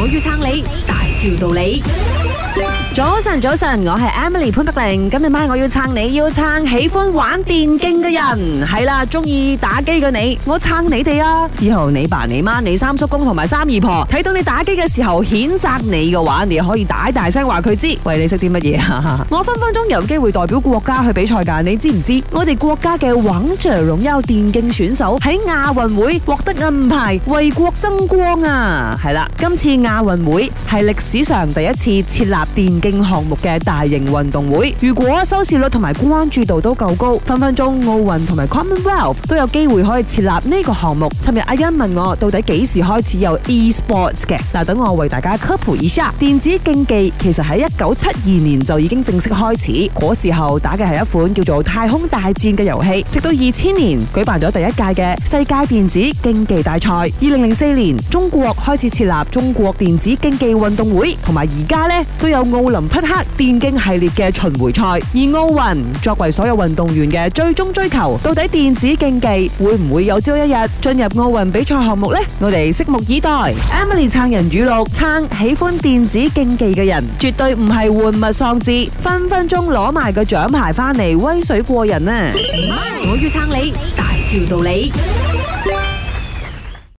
我要撐你，大條道理。早晨，早晨，我係 Emily 潘德玲。今日晚我要撐你，要撐喜歡玩電競嘅人，係啦，中意打機嘅你，我撐你哋啊！以後你爸、你媽、你三叔公同埋三姨婆睇到你打機嘅時候譴責你嘅話，你可以大大聲話佢知。喂，你識啲乜嘢啊？ 我分分鐘有機會代表國家去比賽噶，你知唔知？我哋國家嘅王者榮耀電競選手喺亞運會獲得銀牌，為國爭光啊！係啦，今次亞運會係歷史上第一次設立電競。項目嘅大型運動會，如果收視率同埋關注度都夠高，分分鐘奧運同埋 Commonwealth 都有機會可以設立呢個項目。尋日阿欣問我到底幾時開始有 eSports 嘅？嗱，等我為大家科普一下，電子競技其實喺一九七二年就已經正式開始，嗰時候打嘅係一款叫做《太空大戰》嘅遊戲。直到二千年舉辦咗第一屆嘅世界電子競技大賽，二零零四年中國開始設立中國電子競技運動會，同埋而家呢都有奧。匹克電競系列嘅巡迴賽，而奧運作為所有運動員嘅最終追求，到底電子競技會唔會有朝一日進入奧運比賽項目呢？我哋拭目以待。Emily 撐人語錄：撐喜歡電子競技嘅人，絕對唔係玩物喪志，分分鐘攞埋個獎牌翻嚟，威水過人啊！我要撐你，大條道理。